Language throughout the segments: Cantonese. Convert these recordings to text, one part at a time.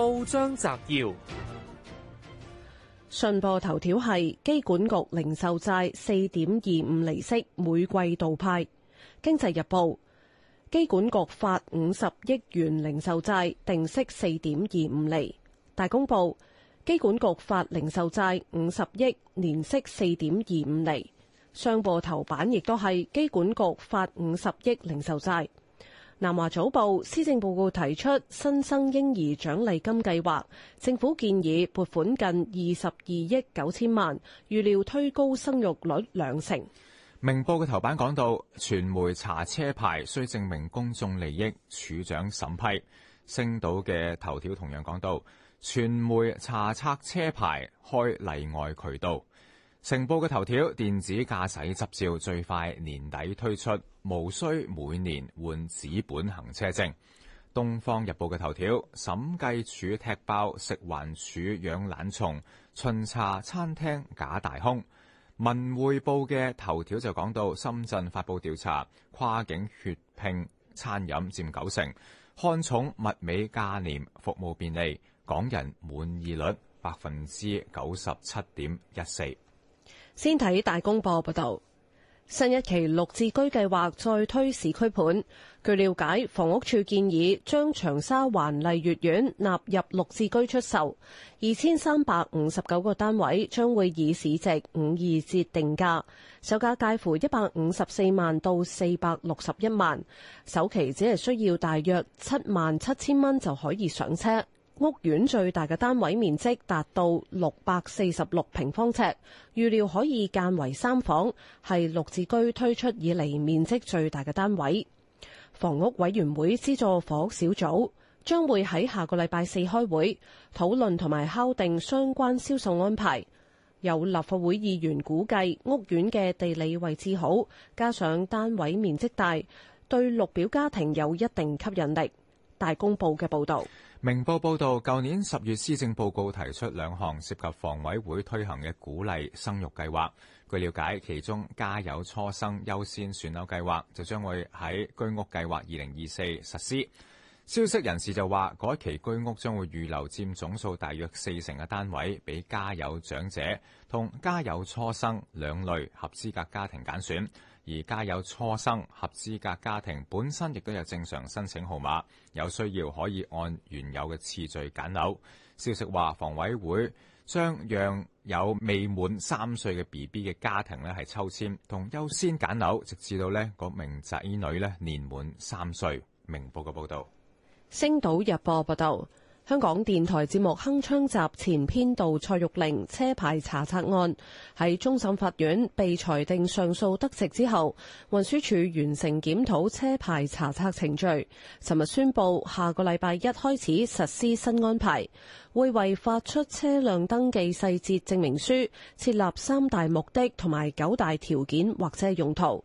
報章摘要：信報頭條係機管局零售債四點二五厘息，每季度派。經濟日報：機管局發五十億元零售債，定息四點二五厘。大公報：機管局發零售債五十億，年息四點二五厘。商報頭版亦都係機管局發五十億零售債。南華早報，施政報告提出新生嬰兒獎勵金計劃，政府建議撥款近二十二億九千萬，預料推高生育率兩成。明報嘅頭版講到，傳媒查車牌需證明公眾利益，署長審批。星島嘅頭條同樣講到，傳媒查冊車牌開例外渠道。成報嘅頭條，電子駕駛執照最快年底推出，無需每年換紙本行車證。《東方日報》嘅頭條，審計署踢爆食環署養懶蟲，巡查餐廳假大空。《文匯報》嘅頭條就講到，深圳發布調查，跨境血拼餐飲佔九成，看重物美價廉，服務便利，港人滿意率百分之九十七點一四。先睇大公報報導，新一期綠置居計劃再推市區盤。據了解，房屋署建議將長沙灣麗玥苑納入綠置居出售，二千三百五十九個單位將會以市值五二折定價，售價介乎一百五十四萬到四百六十一萬，首期只係需要大約七萬七千蚊就可以上車。屋苑最大嘅單位面積達到六百四十六平方尺，預料可以間為三房，係綠置居推出以嚟面積最大嘅單位。房屋委員會資助房屋小組將會喺下個禮拜四開會討論同埋敲定相關銷售安排。有立法會議員估計，屋苑嘅地理位置好，加上單位面積大，對綠表家庭有一定吸引力。大公報嘅報導。明報報導，舊年十月施政報告提出兩項涉及房委會推行嘅鼓勵生育計劃。據了解，其中家有初生優先選樓計劃就將會喺居屋計劃二零二四實施。消息人士就話，該期居屋將會預留佔總數大約四成嘅單位，俾家有長者同家有初生兩類合資格家庭揀選。而家有初生合資格家庭，本身亦都有正常申請號碼，有需要可以按原有嘅次序揀樓。消息話，房委會將讓有未滿三歲嘅 BB 嘅家庭呢係抽籤同優先揀樓，直至到呢嗰名仔女呢年滿三歲。明報嘅報導，星島日報報道。香港電台節目《鏗鏘集》前編導蔡玉玲車牌查冊案喺終審法院被裁定上訴得直之後，運輸署完成檢討車牌查冊程序，尋日宣布下個禮拜一開始實施新安排，會為發出車輛登記細節證明書設立三大目的同埋九大條件或者用途。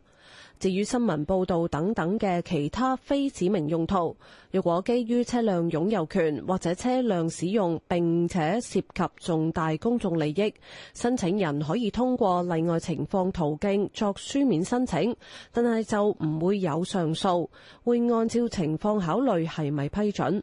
至於新聞報導等等嘅其他非指明用途，如果基於車輛擁有權或者車輛使用並且涉及重大公眾利益，申請人可以通過例外情況途徑作書面申請，但係就唔會有上訴，會按照情況考慮係咪批准。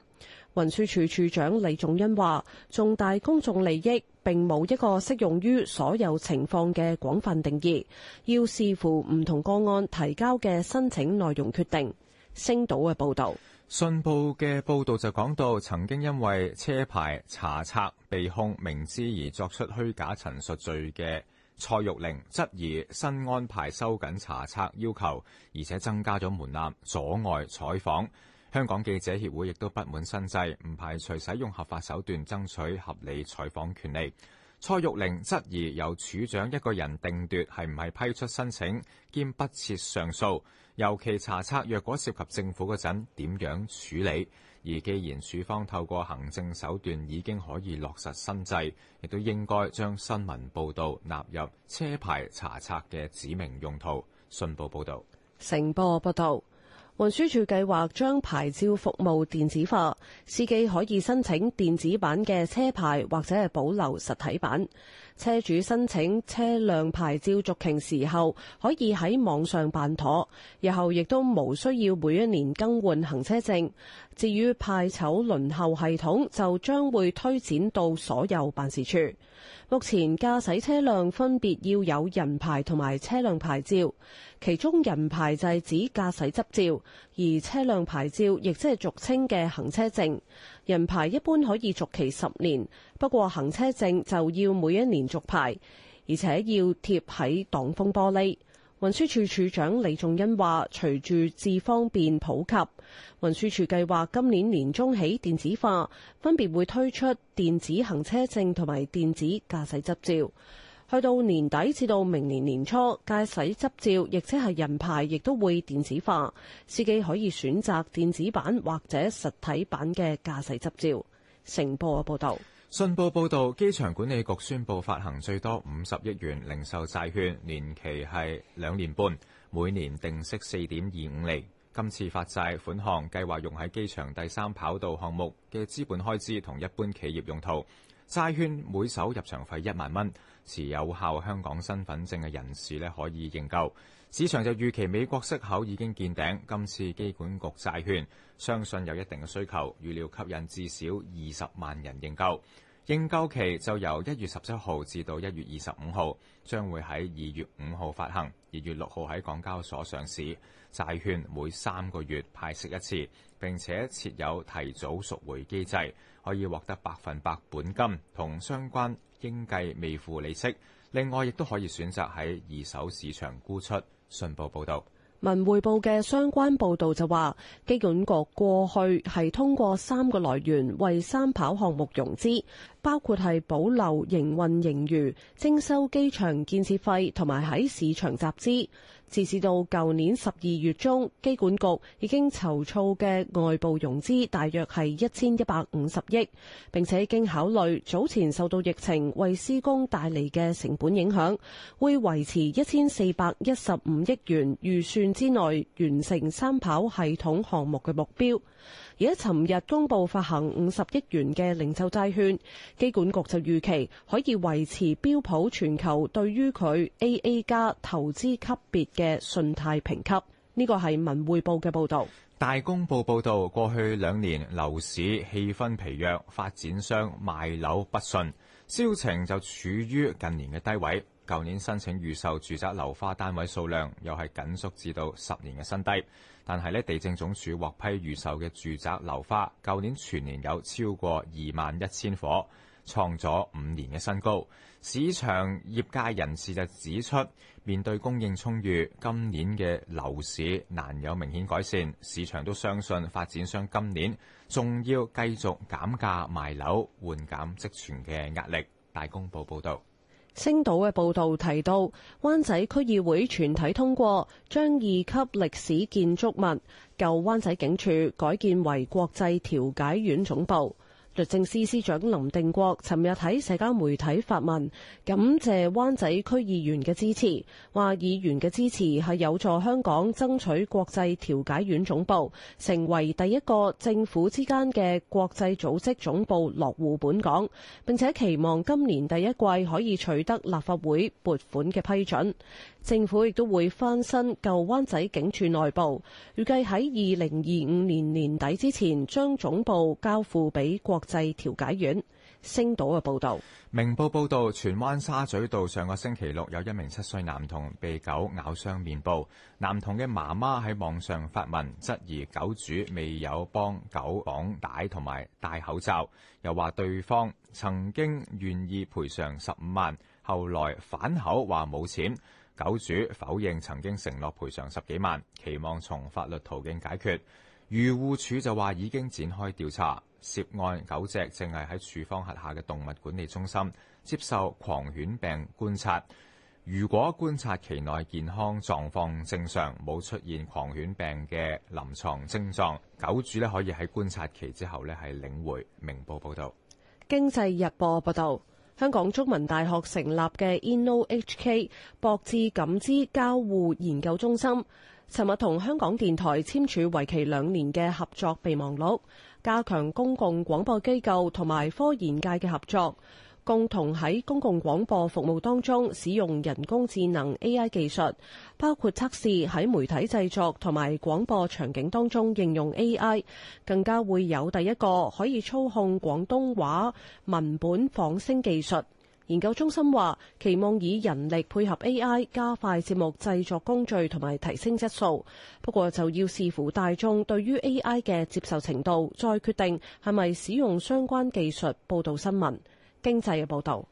運輸署署長李仲恩話：重大公眾利益並冇一個適用於所有情況嘅廣泛定義，要視乎唔同個案提交嘅申請內容決定。星島嘅報道，信報嘅報道就講到，曾經因為車牌查冊被控明知而作出虛假陳述罪嘅蔡玉玲，質疑新安排收緊查冊要求，而且增加咗門檻，阻礙採訪。香港記者協會亦都不滿新制，唔排除使用合法手段爭取合理採訪權利。蔡玉玲質疑由處長一個人定奪係唔係批出申請兼不設上訴，尤其查冊若果涉及政府嗰陣點樣處理？而既然處方透過行政手段已經可以落實新制，亦都應該將新聞報導納入車牌查冊嘅指明用途。信報報道。成報報導。運輸署計劃將牌照服務電子化，司機可以申請電子版嘅車牌，或者係保留實體版。車主申請車輛牌照續期時候，可以喺網上辦妥。日後亦都無需要每一年更換行車證。至於派籌輪候系統，就將會推展到所有辦事處。目前駕駛車輛分別要有人牌同埋車輛牌照，其中人牌就係指駕駛執照。而車輛牌照亦即係俗稱嘅行車證，人牌一般可以續期十年，不過行車證就要每一年續牌，而且要貼喺擋風玻璃。運輸處處長李仲恩話，隨住智方便普及，運輸處計劃今年年中起電子化，分別會推出電子行車證同埋電子駕駛執照。去到年底，至到明年年初，駕駛執照，亦即係人牌，亦都會電子化。司機可以選擇電子版或者實體版嘅駕駛執照。成報啊報道，信報報道，機場管理局宣布發行最多五十億元零售債券，年期係兩年半，每年定息四點二五厘。今次發債款項計劃用喺機場第三跑道項目嘅資本開支同一般企業用途。債券每手入場費一萬蚊。持有效香港身份證嘅人士呢，可以認購。市場就預期美國息口已經見頂，今次機管局債券相信有一定嘅需求，預料吸引至少二十萬人認購。認購期就由一月十七號至到一月二十五號，將會喺二月五號發行，二月六號喺港交所上市。債券每三個月派息一次，並且設有提早贖回機制。可以獲得百分百本金同相關應計未付利息，另外亦都可以選擇喺二手市場沽出。信報報導，文匯報嘅相關報導就話，機管局過去係通過三個來源為三跑項目融資，包括係保留營運盈餘、徵收機場建設費同埋喺市場集資。截至到舊年十二月中，機管局已經籌措嘅外部融資大約係一千一百五十億，並且經考慮早前受到疫情為施工帶嚟嘅成本影響，會維持一千四百一十五億元預算之內完成三跑系統項目嘅目標。而家尋日公布發行五十億元嘅零售債券，機管局就預期可以維持標普全球對於佢 AA 加投資級別嘅信貸評級。呢個係文匯報嘅報導。大公報報導，過去兩年樓市氣氛疲弱，發展商賣樓不順，銷情就處於近年嘅低位。舊年申請預售住宅樓花單位數量又係緊縮至到十年嘅新低。但係咧，地政總署獲批預售嘅住宅樓花，舊年全年有超過二萬一千伙，創咗五年嘅新高。市場業界人士就指出，面對供應充裕，今年嘅樓市難有明顯改善。市場都相信發展商今年仲要繼續減價賣樓，緩減積存嘅壓力。大公報報道。星島嘅報道提到，灣仔區議會全體通過將二級歷史建築物舊灣仔警署改建為國際調解院總部。律政司司長林定國尋日喺社交媒體發文，感謝灣仔區議員嘅支持，話議員嘅支持係有助香港爭取國際調解院總部成為第一個政府之間嘅國際組織總部落戶本港，並且期望今年第一季可以取得立法會撥款嘅批准。政府亦都會翻新舊灣仔警署內部，預計喺二零二五年年底之前將總部交付俾國際調解院。星島嘅報道。明報報導。荃灣沙咀道上個星期六有一名七歲男童被狗咬傷面部，男童嘅媽媽喺網上發文質疑狗主未有幫狗綁帶同埋戴口罩，又話對方曾經願意賠償十五萬，後來反口話冇錢。狗主否認曾經承諾賠償十幾萬，期望從法律途徑解決。漁護署就話已經展開調查，涉案狗隻正係喺署方轄下嘅動物管理中心接受狂犬病觀察。如果觀察期內健康狀況正常，冇出現狂犬病嘅臨床症狀，狗主呢，可以喺觀察期之後呢係領回。明報報道。經濟日報報道。香港中文大學成立嘅 InnoHK 博智感知交互研究中心，尋日同香港電台簽署為期兩年嘅合作備忘錄，加強公共廣播機構同埋科研界嘅合作。共同喺公共廣播服務當中使用人工智能 AI 技術，包括測試喺媒體製作同埋廣播場景當中應用 AI，更加會有第一個可以操控廣東話文本仿聲技術。研究中心話，期望以人力配合 AI 加快節目製作工序同埋提升質素。不過就要視乎大眾對於 AI 嘅接受程度，再決定係咪使用相關技術報道新聞。經濟嘅報導，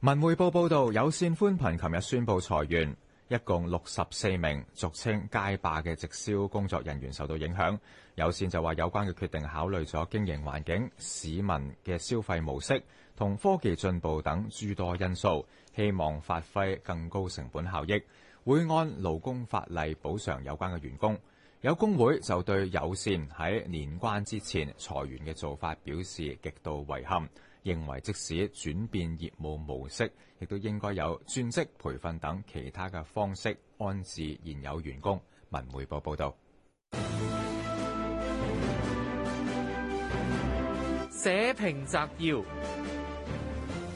文匯報報導，有線寬頻琴日宣布裁員一共六十四名，俗稱街霸嘅直銷工作人員受到影響。有線就話有關嘅決定考慮咗經營環境、市民嘅消費模式同科技進步等諸多因素，希望發揮更高成本效益，會按勞工法例補償有關嘅員工。有工會就對有線喺年關之前裁員嘅做法表示極度遺憾。認為即使轉變業務模式，亦都應該有轉職、培訓等其他嘅方式安置現有員工。文匯報報道。社評摘要。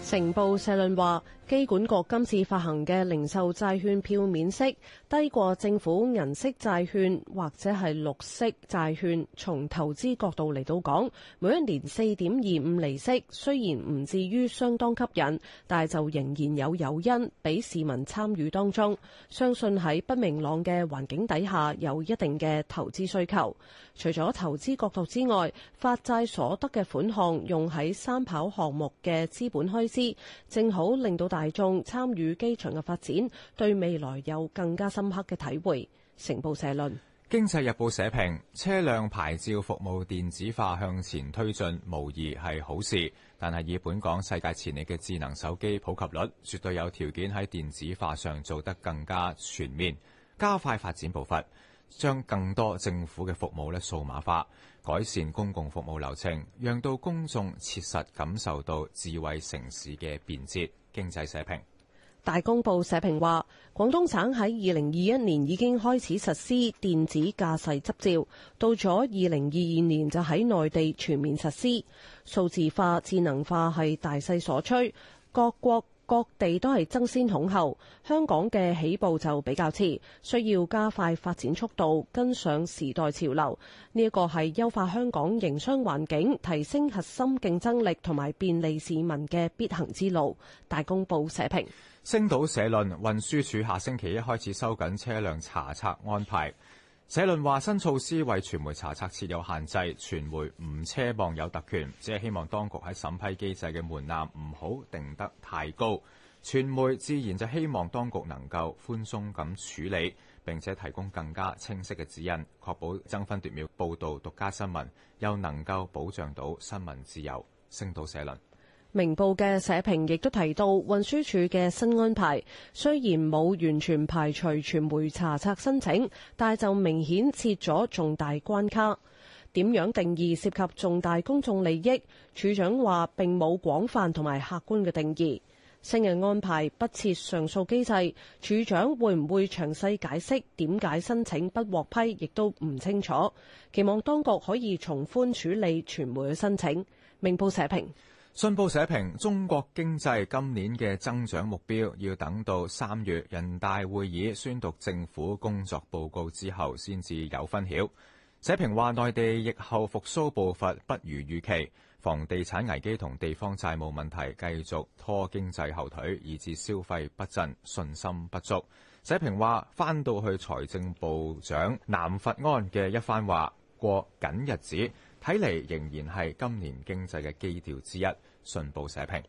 成報社論話，機管局今次發行嘅零售債券票面息低過政府銀色債券或者係綠色債券。從投資角度嚟到講，每一年四點二五釐息，雖然唔至於相當吸引，但係就仍然有誘因俾市民參與當中。相信喺不明朗嘅環境底下，有一定嘅投資需求。除咗投資角度之外，發債所得嘅款項用喺三跑項目嘅資本開。正好令到大眾參與機場嘅發展，對未來有更加深刻嘅體會。成報社論，《經濟日報》社評：車輛牌照服務電子化向前推進，無疑係好事。但係以本港世界前列嘅智能手機普及率，絕對有條件喺電子化上做得更加全面，加快發展步伐。將更多政府嘅服務咧數碼化，改善公共服務流程，讓到公眾切實感受到智慧城市嘅便捷。經濟社評，大公報社評話，廣東省喺二零二一年已經開始實施電子駕駛執照，到咗二零二二年就喺內地全面實施。數字化、智能化係大勢所趨，各國，各地都係爭先恐後，香港嘅起步就比較遲，需要加快發展速度，跟上時代潮流。呢一個係優化香港營商環境、提升核心競爭力同埋便利市民嘅必行之路。大公報社評。星島社論，運輸署下星期一開始收緊車輛查冊安排。社論話：新措施為傳媒查冊設有限制，傳媒唔奢望有特權，只係希望當局喺審批機制嘅門檻唔好定得太高。傳媒自然就希望當局能夠寬鬆咁處理，並且提供更加清晰嘅指引，確保爭分奪秒報導獨家新聞，又能夠保障到新聞自由。星島社論。明報嘅社評亦都提到運輸署嘅新安排，雖然冇完全排除傳媒查冊申請，但就明顯設咗重大關卡。點樣定義涉及重大公眾利益？處長話並冇廣泛同埋客觀嘅定義。新嘅安排不設上訴機制，處長會唔會詳細解釋點解申請不獲批，亦都唔清楚。期望當局可以從寬處理傳媒嘅申請。明報社評。信報社評：中國經濟今年嘅增長目標要等到三月人大會議宣讀政府工作報告之後先至有分曉。社評話，內地疫後復甦步伐不如預期，房地產危機同地方債務問題繼續拖經濟後腿，以致消費不振、信心不足。社評話，返到去財政部長南佛安嘅一番話，過緊日子。睇嚟仍然係今年經濟嘅基調之一，信報社評。